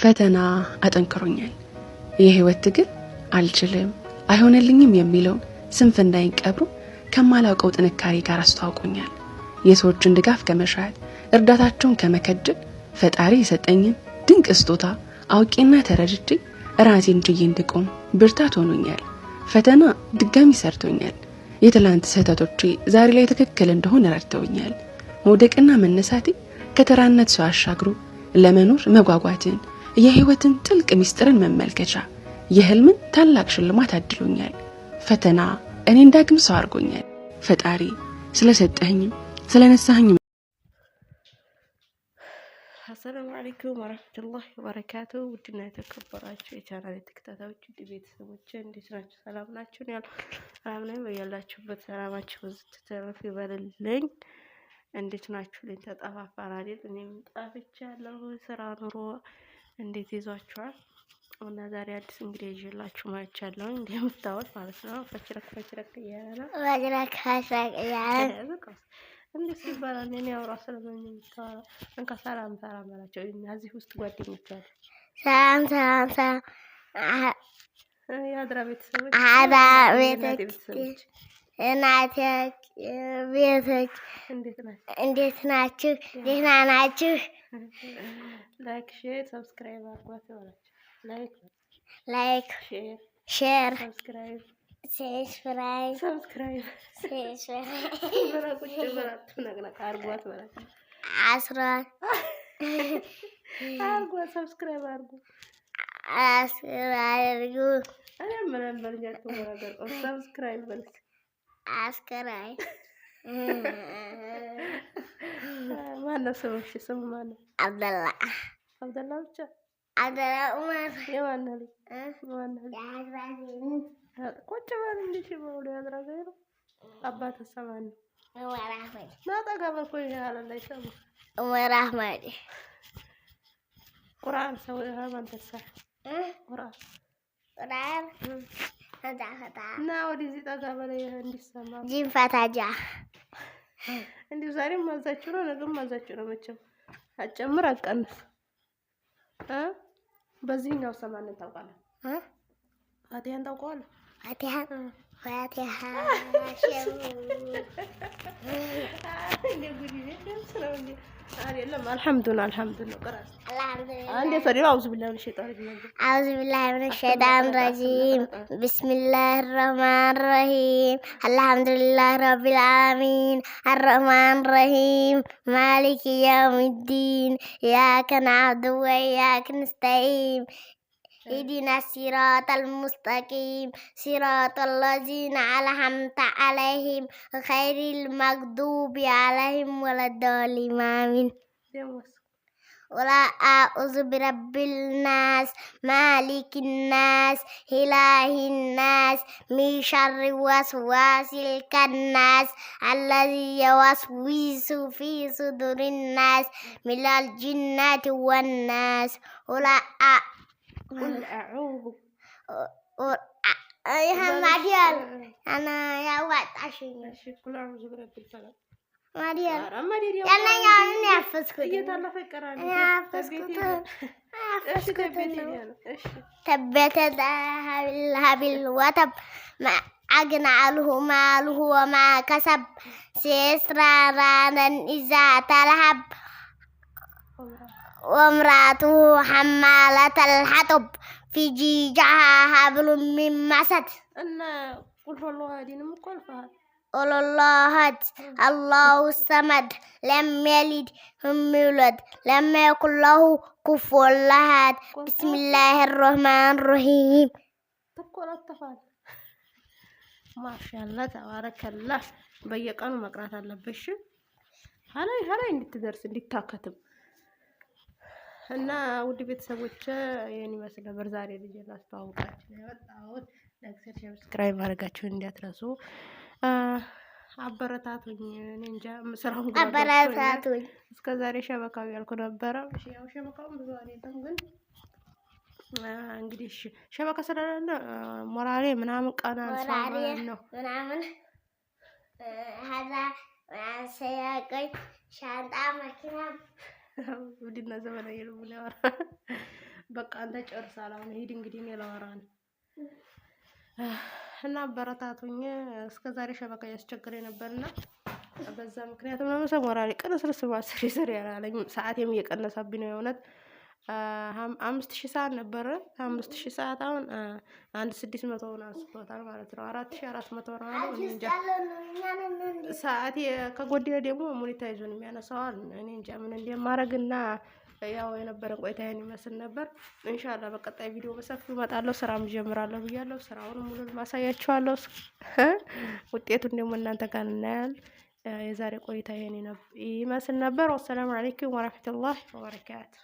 ፈተና አጠንክሮኛል። የህይወት ትግል አልችልም፣ አይሆንልኝም የሚለውን ስንፍ እንዳይቀብሩ ከማላውቀው ጥንካሬ ጋር አስተዋውቆኛል። የሰዎችን ድጋፍ ከመሻት እርዳታቸውን ከመከጀል ፈጣሪ የሰጠኝን ድንቅ ስጦታ አውቄና ተረድቼ ራሴን ችዬ እንድቆም ብርታት ሆኖኛል። ፈተና ድጋሚ ሰርቶኛል። የትላንት ስህተቶቼ ዛሬ ላይ ትክክል እንደሆን ረድተውኛል። መውደቅና መነሳቴ ከተራነት ሰው አሻግሮ ለመኖር መጓጓትን የህይወትን ጥልቅ ሚስጥርን መመልከቻ፣ የህልምን ታላቅ ሽልማት አድሎኛል። ፈተና እኔን ዳግም ሰው አድርጎኛል። ፈጣሪ ስለሰጠኝም ስለነሳኝ አሰላሙ አለይኩም ወረህመቱላሂ ወበረካቱ። ውድና የተከበራችሁ የቻናል ተከታታዮች ውድ ቤተሰቦች እንዴት ናቸው? ሰላም ናችሁ? ያሉ ሰላም ነው። በያላችሁበት ሰላማችሁ ብዙ ተተረፍ ይበልልኝ። እንዴት ናችሁ? ልኝ ተጠፋፋን አይደል? እኔም ጠፍቻለሁ። ስራ ኑሮ እንዴት ይዟችኋል? እና ዛሬ አዲስ እንግዲህ ይዤላችሁ መጥቻለሁ። እንደምታወት ማለት ነው ፈችረክ ፈችረክ እያለ ፈችረክ ፈችረክ እያለ እንዴ ሲባላል እኔ ያው ለምን እንካ ሰላም ሰላም እዚህ ውስጥ ጓደኞች አሉ። ሰላም ሰላም ሰላም የአድራ ቤተሰቦች ቤተሰቦች እናቴ ቤቶች እንዴት ናችሁ? ደህና ናችሁ? ላይክ ሼር ሰብስክራይብ አድርጓት ላይክ ሼር አስራ አድርጓት ሰብስክራይብ አድርጉ አስራ አድርጉ አስከራይ ማነው ስምሽ? ስሙ ማነው? አብደላ አብደላ ብቻ አብደላ ኡመር የማነው ልጅ ቁጭ በል እንጂ እሺ። በውሎ ያዝራዘይ ነው። አባትስ ማነው? ኡመር አህመድ ናጠጋ በኮ ይሻላል። አይሰማ ኡመር አህመድ ቁርአን ሰው ሃይማኖት ሳ ቁርአን ቁርአን እና ወደዚህ ጠጋ በላይ እንዲሰማ ጂንፋታጃ እንዲሁ ዛሬም ማዛችሁ ነው፣ ነገም ማዛችሁ ነው። መቼም አጨምር አቀንስ በዚህኛው ሰማንን ታውቃለህ እ ፋቲያን ታውቀዋለህ فاتحة آه. فاتحة الحمد لله الحمد لله الحمد لله عندي أعوذ بالله من الشيطان الرجيم أعوذ بالله من الشيطان الرجيم آه. بسم الله الرحمن الرحيم الحمد لله رب العالمين الرحمن الرحيم مالك يوم الدين إياك نعبد وإياك نستعين اهدنا الصراط المستقيم صراط الذين أنعمت عليهم خير المغضوب عليهم ولا الضالين ولا أعوذ برب الناس مالك الناس إله الناس من شر وسواس الكناس الذي يوسوس في صدور الناس من الجنة والناس ولا أعوذ قل آه. أعوذ هم مريم أنا يا وقت عشان قل أعوذ برب الفلق مريم مريم يا أنا يا أفسكت يا الله فكر أنا يا أفسكت تبت الهبل وتب ما أغنى عنه ماله وما كسب سيسرى رانا إذا تلهب وامرأته حمالة الحطب في جيجها حبل من مسد أنا قل الله هذه نمقل فهذا قل الله هد الله الصمد لم يلد لم يولد لم يكن له كفوا أحد بسم الله الرحمن الرحيم ما شاء الله تبارك الله بيقانو مقرات አለብሽ هلا هلا انت تاكتب እና ውድ ቤተሰቦች ይህን ይመስል ነበር ዛሬ ልጅ ላስተዋውቃችሁ የመጣሁት። ለክሰር ሰብስክራይብ ማድረጋችሁን እንዲያትረሱ አበረታቱኝ። እንጃ ስራውን አበረታቱኝ። እስከ ዛሬ ሸበካው ያልኩ ነበረ። ያው ሸበካውን ብዙ አልሄድም፣ ግን እንግዲህ ሸበካ ስለሌለ ሞራሌ ምናምን ቀና ነው ምናምን ሀዛ ምናምን ሻንጣ መኪና ውድና ዘመናዊ የልቡ ሊያወራ በቃ አንተ ጨርሳል። አሁን ሄድ እንግዲህ እኔ ላወራ ነው እና አበረታቱኝ። እስከ ዛሬ ሸበካ ያስቸግር ነበርና በዛ ምክንያት ምናምን ሰሞራሌ ቀነስርስባ ስሪ ስሪ ያላለኝ ሰዓቴም እየቀነሰብኝ ነው የእውነት አምስት ሺህ ሰዓት ነበረ። አምስት ሺህ ሰዓት አሁን አንድ ስድስት መቶ መቶውን አንስቶታል ማለት ነው። አራት ሺህ አራት መቶ ነው አለ እንጃ። ሰዓት ከጎደለ ደግሞ ሞኔታይዙን የሚያነሳዋል። እኔ እንጃ ምን እንደማረግና ያው የነበረን ቆይታ ይህን ይመስል ነበር። እንሻላ በቀጣይ ቪዲዮ በሰፊው እመጣለሁ። ስራም ጀምራለሁ ብያለሁ። ስራውን ሙሉ ማሳያችኋለሁ። ውጤቱን ደግሞ እናንተ ጋር እናያል። የዛሬ ቆይታ ይህን ይመስል ነበር። ወሰላሙ አለይኩም ወራህመቱላሂ ወበረካቱ